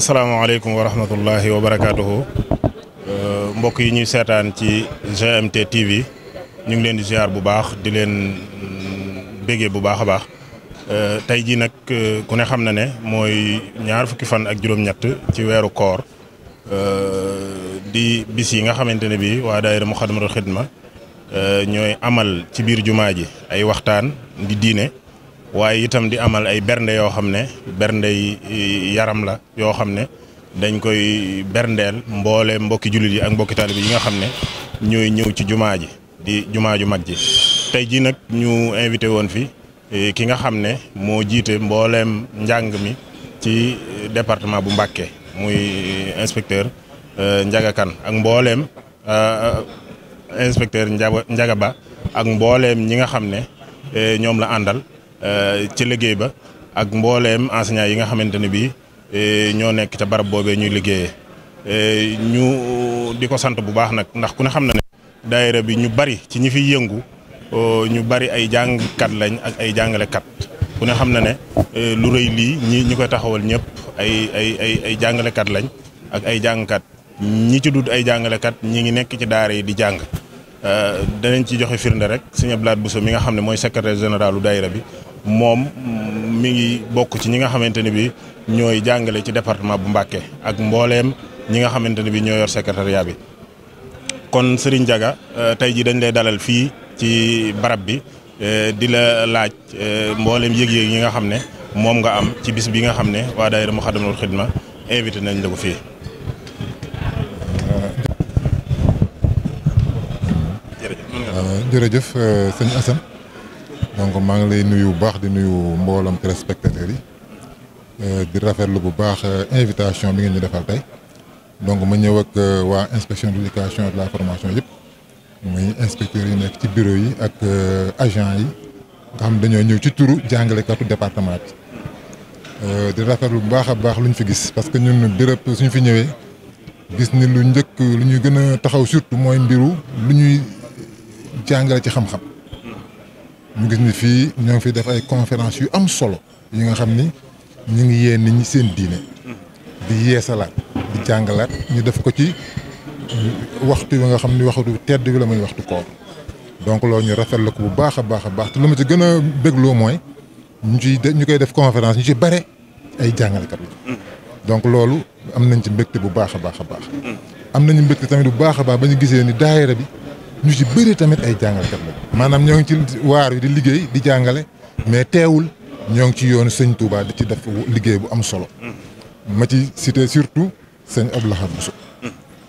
asalaamaaleykum wa rahmatullahi wa barakaatuhu euh, mbokk yi ñuy seetaan ci GMT TV ñu ngi leen di ziar bu baax di leen béggee bu baax a baax euh, tey jii nag euh, ku ne xam na ne mooy ñaar fukki fan ak juróom-ñett ci weeru koor di bis yi nga xamante ne bii waa daayira Muxaddamatul Xidma ñooy amal ci biir jumaa ji ay waxtaan di diine waaye itam di amal ay bernde yoo xam ne bernde yi yaram la yoo xam ne dañ koy berndeel mboole mbokki jullit yi ak mbokki taalib yi nga xam ne ñooy ñëw ci jumaa ji di jumaa ju mag ji tey jii nag ñu invité woon fi e, ki nga xam ne moo jiite mbooleem njàng mi ci département bu Mbàkke muy inspecteur e, Ndiaga Kane ak mbooleem e, inspecteur Ndiaga Ba ak mbooleem ñi nga xam ne ñoom la àndal Euh, ci liggéey ba ak mbooleem enseignant yi nga xamante ne bii eh, ñoo nekk ca barab boobee ñuy liggéeyee eh, ñu di ko sant bu baax nag ndax ku ne xam na ne daayira bi ñu bari ci ñi fiy yëngu oh, ñu bari ay jàngkat lañ ak ay jàngalekat ku ne xam na ne eh, lu rëy lii ñi ñi koy taxawal ñëpp ay ay ay ay jàngalekat lañ ak ay jàngkat ñi ci dut ay jàngalekat ñi ngi nekk ci daara yi di jàng euh, danañ ci joxe firnde rek sëñ bu Bousso mi nga xam ne mooy secrétaire général u daayira bi moom mi ngi bokk ci ñi nga xamante ne bi ñooy jàngale ci département bu Mbacké ak mbooleem ñi nga xamante ne bi ñoo yor secrétariat bi kon Serigne jaga euh, tey ji dañ lay dalal fii ci barab bi euh, di la laaj euh, mbooleem yëg-yëg ñi nga xam ne moom nga am ci bis bi nga xam ne waa daayira Muxaddamatul Xidma invité nañ la ko fii jërëjëf sëñ Assane donc maa ngi lay nuyu bu baax di nuyu mboolam téléspectateurs yi euh, di rafetlu bu baax euh, invitation bi ngeen ñu defal tey donc ma ñëw ak euh, waa inspection de l'éducation de la formation yëpp muy inspecteurs yi nekk ci bureau yi ak agent yi nga xam dañoo ñëw ci turu jàngale jàngalekatu département bi di rafetlu bu baax a baax lu ñu fi gis parce que ñun béréb suñu fi ñëwee gis ni lu njëkk lu ñuy gën a taxaw surtout mooy mbiru lu ñuy jàngale ci xam-xam ñu gis ni fii ñoo ngi fi def ay conférence yu am solo yi nga xam ni ñu ngi yee nit ñi seen diine di yeesalaat di jàngalaat ñu def ko ci waxtu bi nga xam ni waxtu tedd bi la muy waxtu koor donc loolu ñu rafetlu ko bu baax a baax a baax te lu ma ci gën a bégloo mooy ñu ciy ñu koy def conférence ñu ci bare ay jàngalekat la mm. donc loolu am nañ ci mbégte bu baax a baax a baax mm. am nañu mbégte tamit bu baax a baax ba ñu gisee ni daayira bi ñu ci bëri tamit ay jàngalekat la maanaam ñoo ngi ci waar wi di liggéey di jàngale mais teewul ñoo ngi ci yoonu sëñ Touba di ci def liggéey bu am solo. ma ci cité surtout sëñ Abdou Lahad Bousso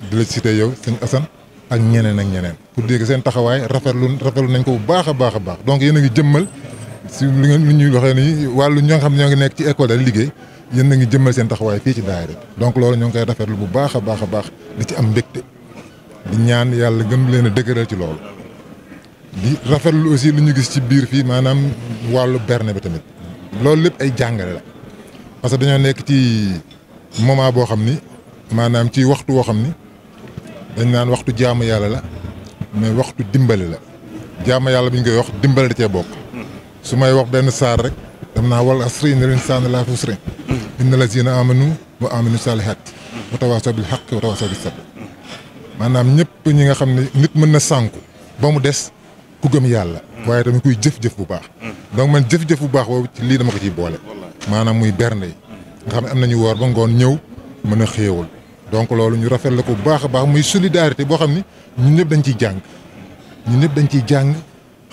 di la cité yow sëñ asan ak ñeneen ak ñeneen. pour dégg seen taxawaay rafetlu rafetlu nañ ko bu baax a baax a baax donc yéen a ngi jëmmal si li ngeen li ñuy waxee nii wàllu ñoo nga xam ñoo ngi nekk ci école di liggéey yéen a ngi jëmmal seen taxawaay fii ci daayira donc loolu ñoo ngi koy rafetlu bu baax a baax a baax ci am mbégte. di ñaan yàlla gën leen a dëgëral ci loolu di rafetlu aussi lu ñu gis ci biir fii maanaam wàllu berne bi tamit loolu lépp ay jàngale la parce que dañoo nekk ci moment boo xam ni maanaam ci waxtu woo xam ni dañ naan waxtu jaamu yàlla la mais waxtu dimbali la jaamu yàlla bi ñu koy wax dimbali da cee bokk su may wax benn saar rek dam naa wal asri innal insaana lafii xusrin mm. inna lazina amanu wa aminu saalihaat wa tawaasaw bil xaq wa tawaasaw bis sabr maanaam ñëpp ñi nga xam ne nit mën na sànku ba mu des ku gëm yàlla. Mm. waaye tamit kuy jëf-jëf bu baax. Mm. donc man jëf-jëf bu baax boobu lii dama ko ciy boole. maanaam muy bernde yi. Mm. nga xam ne am nañu woor ba ngoon ñëw mën a xéewal donc loolu ñu rafet la ko bu baax a baax muy solidarité boo xam ni ñun ñëpp dañ ciy jàng ñu ñëpp dañ ciy jàng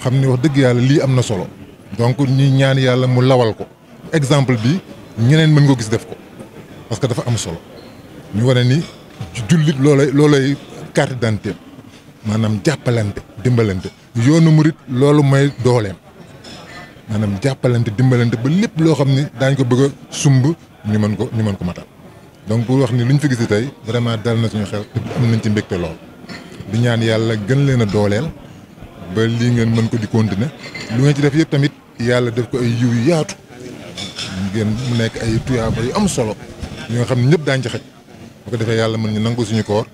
xam ni wax dëgg yàlla lii am na solo donc ñuy ñaan yàlla mu lawal ko exemple bi ñeneen mën ko gis def ko parce que dafa am solo carte d'identité maanaam jàppalante dimbalante yoonu murit loolu may dooleem maanaam jàppalante dimbalante ba lépp loo xam ni daañ ko bëgg a sumb ñu mën ko ñu mën ko matal donc pour wax ni lu ñu fi gis tey vraiment dal na suñu xel te am nañ ci mbégte lool di ñaan yàlla gën leen a dooleel ba lii ngeen mën ko di continuer lu ngeen ci def yëpp tamit yàlla def ko ay yiw yu yaatu ngeen mu nekk ay tuyaaba yu am solo yoo xam ne ñëpp daañ ci xaj bu ko defee yàlla mën ñu nangu suñu koor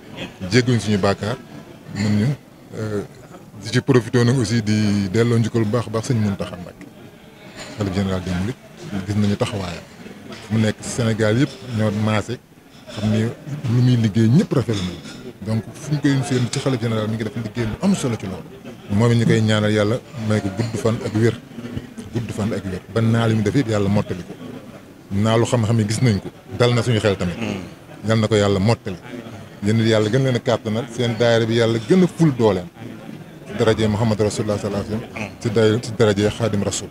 jégguñ suñu baakaar mën ñu euh, di ci profité nag aussi di delloo njukkal bu baax a baax sëñ Mountakha Mbacké xalif général des gis nañu taxawaayam mu nekk Sénégal yëpp ñoo maase xam ni lu muy liggéey ñëpp rafetlu na donc fu ñu koy seen ci xalif général mi ngi def liggéey bu am solo ci loolu. moom it ñu koy ñaanal yàlla may ko gudd fan ak wér gudd fan ak wér ba naal yi mu def yëpp yàlla mottali ko naalu xam-xam yi gis nañ ko dal na suñu xel tamit. Mm. yal na ko yàlla mottali. yéen yàlla gën leen a kàttanal seen daayira bi yàlla gën a ful dooleem si daraje Muhammad Rasulullah sallallahu alayhi wasallam si daayira si daraje Xaadim Rasul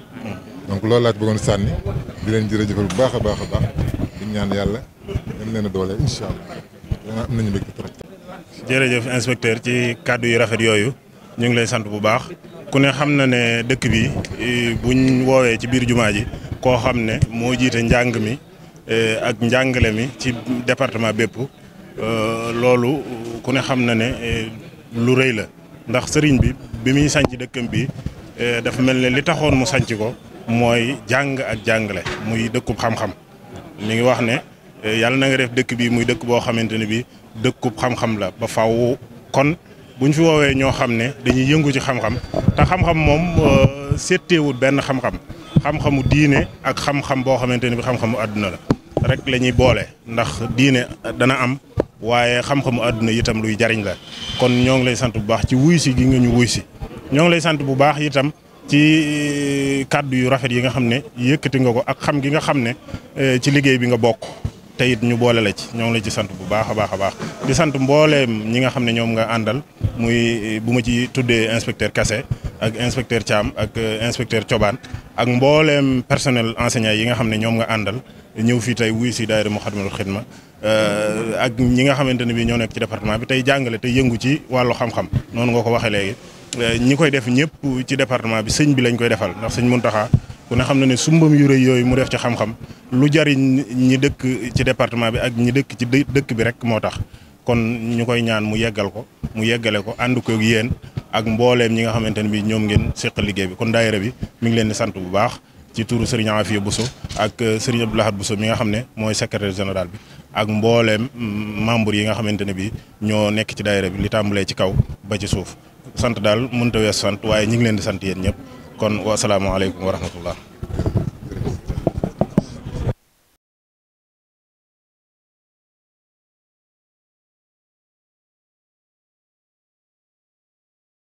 donc loolu laa bëggoon sànni di leen jërëjëfal bu baax a baax a baax di ñaan yàlla gën leen a dooleel incha allah am nañu mbégte trop jërëjëf inspecteur ci kàddu yu rafet yooyu ñu ngi lay sant bu baax ku ne xam na ne dëkk bi buñ woowee ci biir jumaa ji koo xam ne moo jiite njàng mi e, ak njàngale mi ci département bépp Euh, loolu ku ne xam na ne euh, lu rëy la ndax sëriñ bi bi muy sanc dëkkam bi euh, dafa mel ne li taxoon mu sanc ko mooy jàng ak jàngale muy dëkkub xam-xam mi ngi wax ne yàlla na nga def dëkk bi muy dëkk boo xamante ne bi dëkkub xam-xam la ba faw kon bu ñu fi woowee ñoo xam ne dañuy yëngu ci xam-xam te xam-xam moom sétteewut benn xam-xam xam-xamu diine ak xam-xam boo xamante ne bi xam-xamu àdduna la rek la boole ndax diine dana am waaye xam-xamu àdduna itam luy jariñ la kon ñoo ngi lay sant bu baax ci wuy si gi nga ñu wuy si ñoo ngi lay sant bu baax itam ci eh, kàddu yu rafet yi nga xam ne yëkkati nga ko ak xam gi nga xam ne eh, ci liggéey bi nga bokk te it ñu boole la ci ñoo ngi la ci sant bu baax a baax a baax di sant mbooleem ñi nga xam ne ñoom nga àndal muy eh, bu ma ci tuddee inspecteur Kassé ak inspecteur Thiam ak inspecteur Thioban ak mbooleem personnel enseignant yi nga xam ne ñoom nga àndal ñëw fii tey wuy si daayira Moukhaddamatoul Khidma euh, ak ñi nga xamante ne bi ñoo nekk ci département bi tey jàngale tey yëngu ci wàllu xam-xam noonu nga ko waxee léegi euh, ñi koy def ñëpp ci département bi sëñ bi lañ koy defal ndax sëñ Muntaxa ku ne xam na ne sumbam yu yooyu mu def ci xam-xam lu jariñ ñi dëkk ci département bi ak ñi dëkk ci dëkk bi rek moo tax kon ñu koy ñaan mu yeggal ko mu yeggale ko ànd ko ak yéen ak mbooleem ñi nga xamante ne bi ñoom ngeen séq liggéey bi kon daayira bi mi ngi leen di sant bu baax ci turu Serigne Afia Bousso ak euh, Serigne Abdou Lahad Bousso mi nga xam ne mooy secrétaire général bi ak mbooleem mm, membre yi nga xamante ne bi ñoo nekk ci daayira bi li tàmbalee ci kaw ba ci suuf sant daal mënut a sant waaye ñu ngi leen di sant yéen ñëpp kon wasalaamaaleykum wa rahmatullah